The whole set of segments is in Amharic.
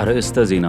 አርእስተ ዜና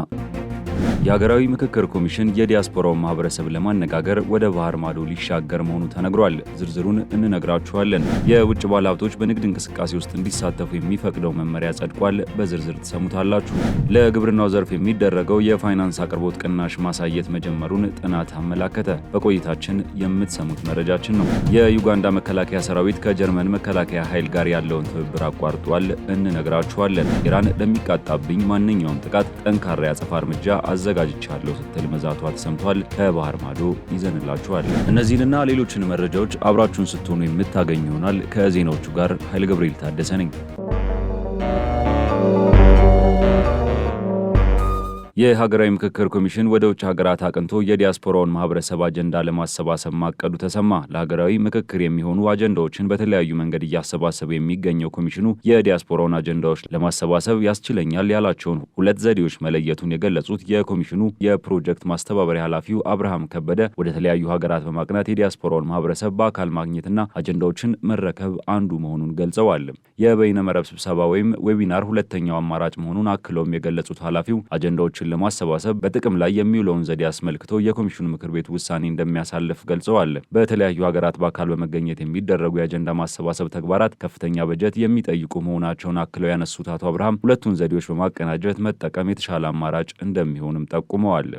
የሀገራዊ ምክክር ኮሚሽን የዲያስፖራውን ማህበረሰብ ለማነጋገር ወደ ባህር ማዶ ሊሻገር መሆኑ ተነግሯል። ዝርዝሩን እንነግራችኋለን። የውጭ ባለሀብቶች በንግድ እንቅስቃሴ ውስጥ እንዲሳተፉ የሚፈቅደው መመሪያ ጸድቋል። በዝርዝር ትሰሙታላችሁ። ለግብርናው ዘርፍ የሚደረገው የፋይናንስ አቅርቦት ቅናሽ ማሳየት መጀመሩን ጥናት አመላከተ። በቆይታችን የምትሰሙት መረጃችን ነው። የዩጋንዳ መከላከያ ሰራዊት ከጀርመን መከላከያ ኃይል ጋር ያለውን ትብብር አቋርጧል። እንነግራችኋለን። ኢራን ለሚቃጣብኝ ማንኛውም ጥቃት ጠንካራ ያጸፋ እርምጃ አዘጋጅቻለሁ ስትል መዛቷ ተሰምቷል። ከባህር ማዶ ይዘንላችኋል። እነዚህንና ሌሎችን መረጃዎች አብራችሁን ስትሆኑ የምታገኙ ይሆናል። ከዜናዎቹ ጋር ኃይለ ገብርኤል ታደሰ ነኝ። የሀገራዊ ምክክር ኮሚሽን ወደ ውጭ ሀገራት አቅንቶ የዲያስፖራውን ማህበረሰብ አጀንዳ ለማሰባሰብ ማቀዱ ተሰማ። ለሀገራዊ ምክክር የሚሆኑ አጀንዳዎችን በተለያዩ መንገድ እያሰባሰበ የሚገኘው ኮሚሽኑ የዲያስፖራውን አጀንዳዎች ለማሰባሰብ ያስችለኛል ያላቸውን ሁለት ዘዴዎች መለየቱን የገለጹት የኮሚሽኑ የፕሮጀክት ማስተባበሪያ ኃላፊው አብርሃም ከበደ ወደ ተለያዩ ሀገራት በማቅናት የዲያስፖራውን ማህበረሰብ በአካል ማግኘትና አጀንዳዎችን መረከብ አንዱ መሆኑን ገልጸዋል። የበይነመረብ ስብሰባ ወይም ዌቢናር ሁለተኛው አማራጭ መሆኑን አክለውም የገለጹት ኃላፊው አጀንዳዎችን መረጃዎችን ለማሰባሰብ በጥቅም ላይ የሚውለውን ዘዴ አስመልክቶ የኮሚሽኑ ምክር ቤት ውሳኔ እንደሚያሳልፍ ገልጸዋል። በተለያዩ ሀገራት በአካል በመገኘት የሚደረጉ የአጀንዳ ማሰባሰብ ተግባራት ከፍተኛ በጀት የሚጠይቁ መሆናቸውን አክለው ያነሱት አቶ አብርሃም ሁለቱን ዘዴዎች በማቀናጀት መጠቀም የተሻለ አማራጭ እንደሚሆንም ጠቁመዋል።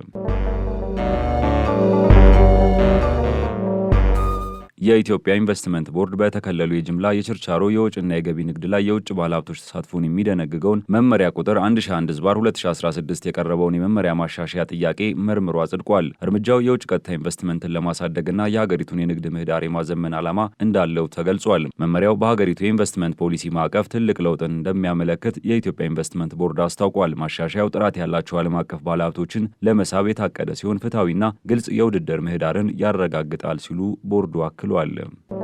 የኢትዮጵያ ኢንቨስትመንት ቦርድ በተከለሉ የጅምላ የችርቻሮ የውጭና የገቢ ንግድ ላይ የውጭ ባለሀብቶች ተሳትፎን የሚደነግገውን መመሪያ ቁጥር 1001 ዝባር 2016 የቀረበውን የመመሪያ ማሻሻያ ጥያቄ መርምሮ አጽድቋል። እርምጃው የውጭ ቀጥታ ኢንቨስትመንትን ለማሳደግና የሀገሪቱን የንግድ ምህዳር የማዘመን ዓላማ እንዳለው ተገልጿል። መመሪያው በሀገሪቱ የኢንቨስትመንት ፖሊሲ ማዕቀፍ ትልቅ ለውጥን እንደሚያመለክት የኢትዮጵያ ኢንቨስትመንት ቦርድ አስታውቋል። ማሻሻያው ጥራት ያላቸው ዓለም አቀፍ ባለሀብቶችን ለመሳብ የታቀደ ሲሆን ፍትሐዊና ግልጽ የውድድር ምህዳርን ያረጋግጣል ሲሉ ቦርዱ አክሏል። ክፍሉ አለ።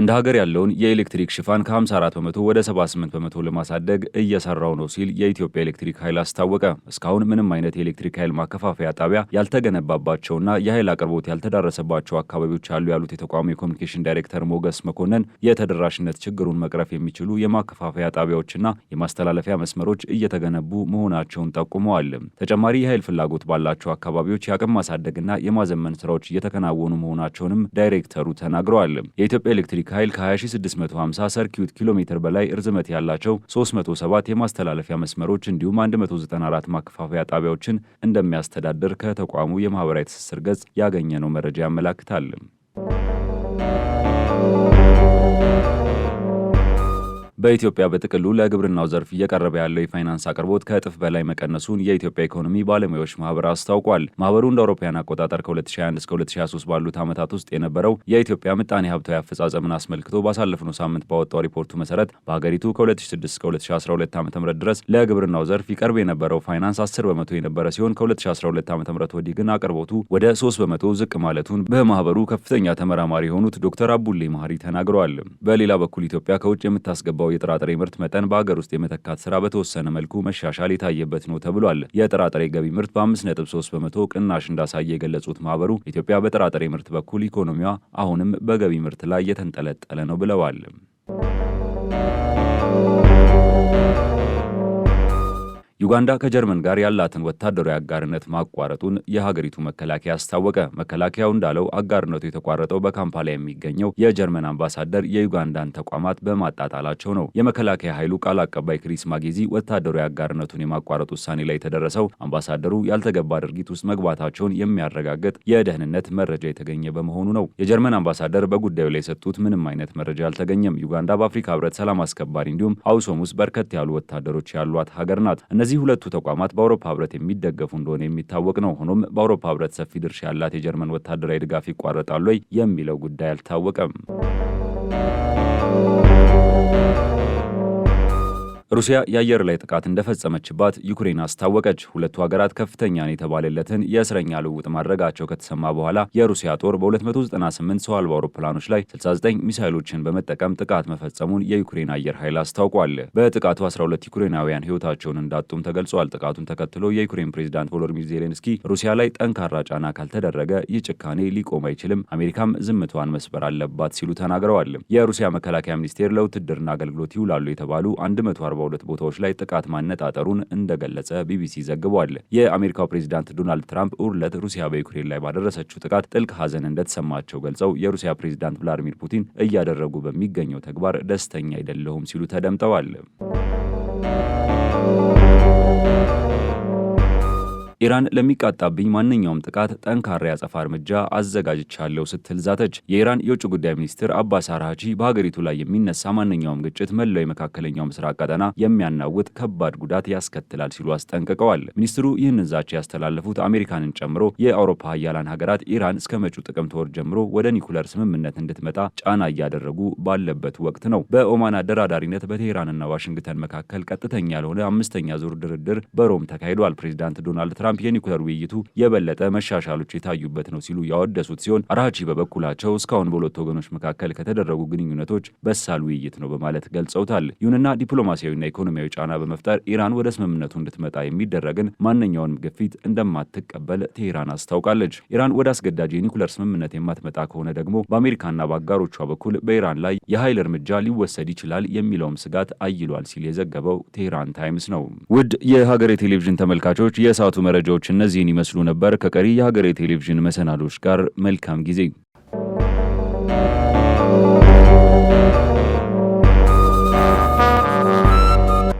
እንደ ሀገር ያለውን የኤሌክትሪክ ሽፋን ከ54 በመቶ ወደ 78 በመቶ ለማሳደግ እየሰራው ነው ሲል የኢትዮጵያ ኤሌክትሪክ ኃይል አስታወቀ። እስካሁን ምንም አይነት የኤሌክትሪክ ኃይል ማከፋፈያ ጣቢያ ያልተገነባባቸውና የኃይል አቅርቦት ያልተዳረሰባቸው አካባቢዎች አሉ ያሉት የተቋሙ የኮሚኒኬሽን ዳይሬክተር ሞገስ መኮንን የተደራሽነት ችግሩን መቅረፍ የሚችሉ የማከፋፈያ ጣቢያዎችና የማስተላለፊያ መስመሮች እየተገነቡ መሆናቸውን ጠቁመዋል። ተጨማሪ የኃይል ፍላጎት ባላቸው አካባቢዎች የአቅም ማሳደግና የማዘመን ስራዎች እየተከናወኑ መሆናቸውንም ዳይሬክተሩ ተናግረዋል። የኢትዮጵያ ኤሌክትሪክ ኃይል ከ2650 ሰርኪዩት ኪሎ ሜትር በላይ እርዝመት ያላቸው 307 የማስተላለፊያ መስመሮች እንዲሁም 194 ማከፋፈያ ጣቢያዎችን እንደሚያስተዳድር ከተቋሙ የማህበራዊ ትስስር ገጽ ያገኘነው መረጃ ያመላክታል። በኢትዮጵያ በጥቅሉ ለግብርናው ዘርፍ እየቀረበ ያለው የፋይናንስ አቅርቦት ከእጥፍ በላይ መቀነሱን የኢትዮጵያ ኢኮኖሚ ባለሙያዎች ማህበር አስታውቋል። ማህበሩ እንደ አውሮፓውያን አቆጣጠር ከ2021 እስከ 2023 ባሉት ዓመታት ውስጥ የነበረው የኢትዮጵያ ምጣኔ ሀብታዊ አፈጻጸምን አስመልክቶ ባሳለፍነው ሳምንት ባወጣው ሪፖርቱ መሰረት በሀገሪቱ ከ2006 እስከ 2012 ዓ ም ድረስ ለግብርናው ዘርፍ ይቀርብ የነበረው ፋይናንስ 10 በመቶ የነበረ ሲሆን ከ2012 ዓ ም ወዲህ ግን አቅርቦቱ ወደ 3 በመቶ ዝቅ ማለቱን በማህበሩ ከፍተኛ ተመራማሪ የሆኑት ዶክተር አቡሌ ማህሪ ተናግረዋል። በሌላ በኩል ኢትዮጵያ ከውጭ የምታስገባው የሚገባው የጥራጥሬ ምርት መጠን በአገር ውስጥ የመተካት ስራ በተወሰነ መልኩ መሻሻል የታየበት ነው ተብሏል። የጥራጥሬ ገቢ ምርት በ5.3 በመቶ ቅናሽ እንዳሳየ የገለጹት ማህበሩ ኢትዮጵያ በጥራጥሬ ምርት በኩል ኢኮኖሚዋ አሁንም በገቢ ምርት ላይ የተንጠለጠለ ነው ብለዋል። ዩጋንዳ ከጀርመን ጋር ያላትን ወታደራዊ አጋርነት ማቋረጡን የሀገሪቱ መከላከያ አስታወቀ። መከላከያው እንዳለው አጋርነቱ የተቋረጠው በካምፓላ የሚገኘው የጀርመን አምባሳደር የዩጋንዳን ተቋማት በማጣጣላቸው ነው። የመከላከያ ኃይሉ ቃል አቀባይ ክሪስ ማጌዚ ወታደራዊ አጋርነቱን የማቋረጥ ውሳኔ ላይ የተደረሰው አምባሳደሩ ያልተገባ ድርጊት ውስጥ መግባታቸውን የሚያረጋግጥ የደህንነት መረጃ የተገኘ በመሆኑ ነው። የጀርመን አምባሳደር በጉዳዩ ላይ የሰጡት ምንም አይነት መረጃ አልተገኘም። ዩጋንዳ በአፍሪካ ህብረት ሰላም አስከባሪ እንዲሁም አውሶም ውስጥ በርከት ያሉ ወታደሮች ያሏት ሀገር ናት። እነዚህ ሁለቱ ተቋማት በአውሮፓ ህብረት የሚደገፉ እንደሆነ የሚታወቅ ነው። ሆኖም በአውሮፓ ህብረት ሰፊ ድርሻ ያላት የጀርመን ወታደራዊ ድጋፍ ይቋረጣል ወይ የሚለው ጉዳይ አልታወቀም። ሩሲያ የአየር ላይ ጥቃት እንደፈጸመችባት ዩክሬን አስታወቀች። ሁለቱ ሀገራት ከፍተኛን የተባለለትን የእስረኛ ልውውጥ ማድረጋቸው ከተሰማ በኋላ የሩሲያ ጦር በ298 ሰው አልባ አውሮፕላኖች ላይ 69 ሚሳይሎችን በመጠቀም ጥቃት መፈጸሙን የዩክሬን አየር ኃይል አስታውቋል። በጥቃቱ 12 ዩክሬናውያን ሕይወታቸውን እንዳጡም ተገልጿል። ጥቃቱን ተከትሎ የዩክሬን ፕሬዚዳንት ቮሎዲሚር ዜሌንስኪ ሩሲያ ላይ ጠንካራ ጫና ካልተደረገ ይህ ጭካኔ ሊቆም አይችልም፣ አሜሪካም ዝምቷን መስበር አለባት ሲሉ ተናግረዋል። የሩሲያ መከላከያ ሚኒስቴር ለውትድርና አገልግሎት ይውላሉ የተባሉ 140 በሁለት ቦታዎች ላይ ጥቃት ማነጣጠሩን እንደገለጸ ቢቢሲ ዘግቧል። የአሜሪካው ፕሬዚዳንት ዶናልድ ትራምፕ ውርለት ሩሲያ በዩክሬን ላይ ባደረሰችው ጥቃት ጥልቅ ሐዘን እንደተሰማቸው ገልጸው የሩሲያ ፕሬዚዳንት ቭላዲሚር ፑቲን እያደረጉ በሚገኘው ተግባር ደስተኛ አይደለሁም ሲሉ ተደምጠዋል። ኢራን ለሚቃጣብኝ ማንኛውም ጥቃት ጠንካራ ያጸፋ እርምጃ አዘጋጅቻለሁ ስትል ዛተች። የኢራን የውጭ ጉዳይ ሚኒስትር አባስ አራቺ በሀገሪቱ ላይ የሚነሳ ማንኛውም ግጭት መላው የመካከለኛው ምስራቅ ቀጠና የሚያናውጥ ከባድ ጉዳት ያስከትላል ሲሉ አስጠንቅቀዋል። ሚኒስትሩ ይህን ዛቻ ያስተላለፉት አሜሪካንን ጨምሮ የአውሮፓ ሀያላን ሀገራት ኢራን እስከ መጪው ጥቅምት ወር ጀምሮ ወደ ኒኩለር ስምምነት እንድትመጣ ጫና እያደረጉ ባለበት ወቅት ነው። በኦማን አደራዳሪነት በቴህራንና ዋሽንግተን መካከል ቀጥተኛ ያልሆነ አምስተኛ ዙር ድርድር በሮም ተካሂዷል። ፕሬዚዳንት ዶናልድ ትራምፕ ቻምፒየን የኒኩለር ውይይቱ የበለጠ መሻሻሎች የታዩበት ነው ሲሉ ያወደሱት ሲሆን አራጂ በበኩላቸው እስካሁን በሁለቱ ወገኖች መካከል ከተደረጉ ግንኙነቶች በሳል ውይይት ነው በማለት ገልጸውታል። ይሁንና ዲፕሎማሲያዊና ኢኮኖሚያዊ ጫና በመፍጠር ኢራን ወደ ስምምነቱ እንድትመጣ የሚደረግን ማንኛውንም ግፊት እንደማትቀበል ቴሄራን አስታውቃለች። ኢራን ወደ አስገዳጅ የኒኩለር ስምምነት የማትመጣ ከሆነ ደግሞ በአሜሪካና በአጋሮቿ በኩል በኢራን ላይ የኃይል እርምጃ ሊወሰድ ይችላል የሚለውም ስጋት አይሏል ሲል የዘገበው ቴሄራን ታይምስ ነው። ውድ የሀገሬ ቴሌቪዥን ተመልካቾች የእሳቱ መረጃ መረጃዎች እነዚህን ይመስሉ ነበር። ከቀሪ የሀገሬ ቴሌቪዥን መሰናዶች ጋር መልካም ጊዜ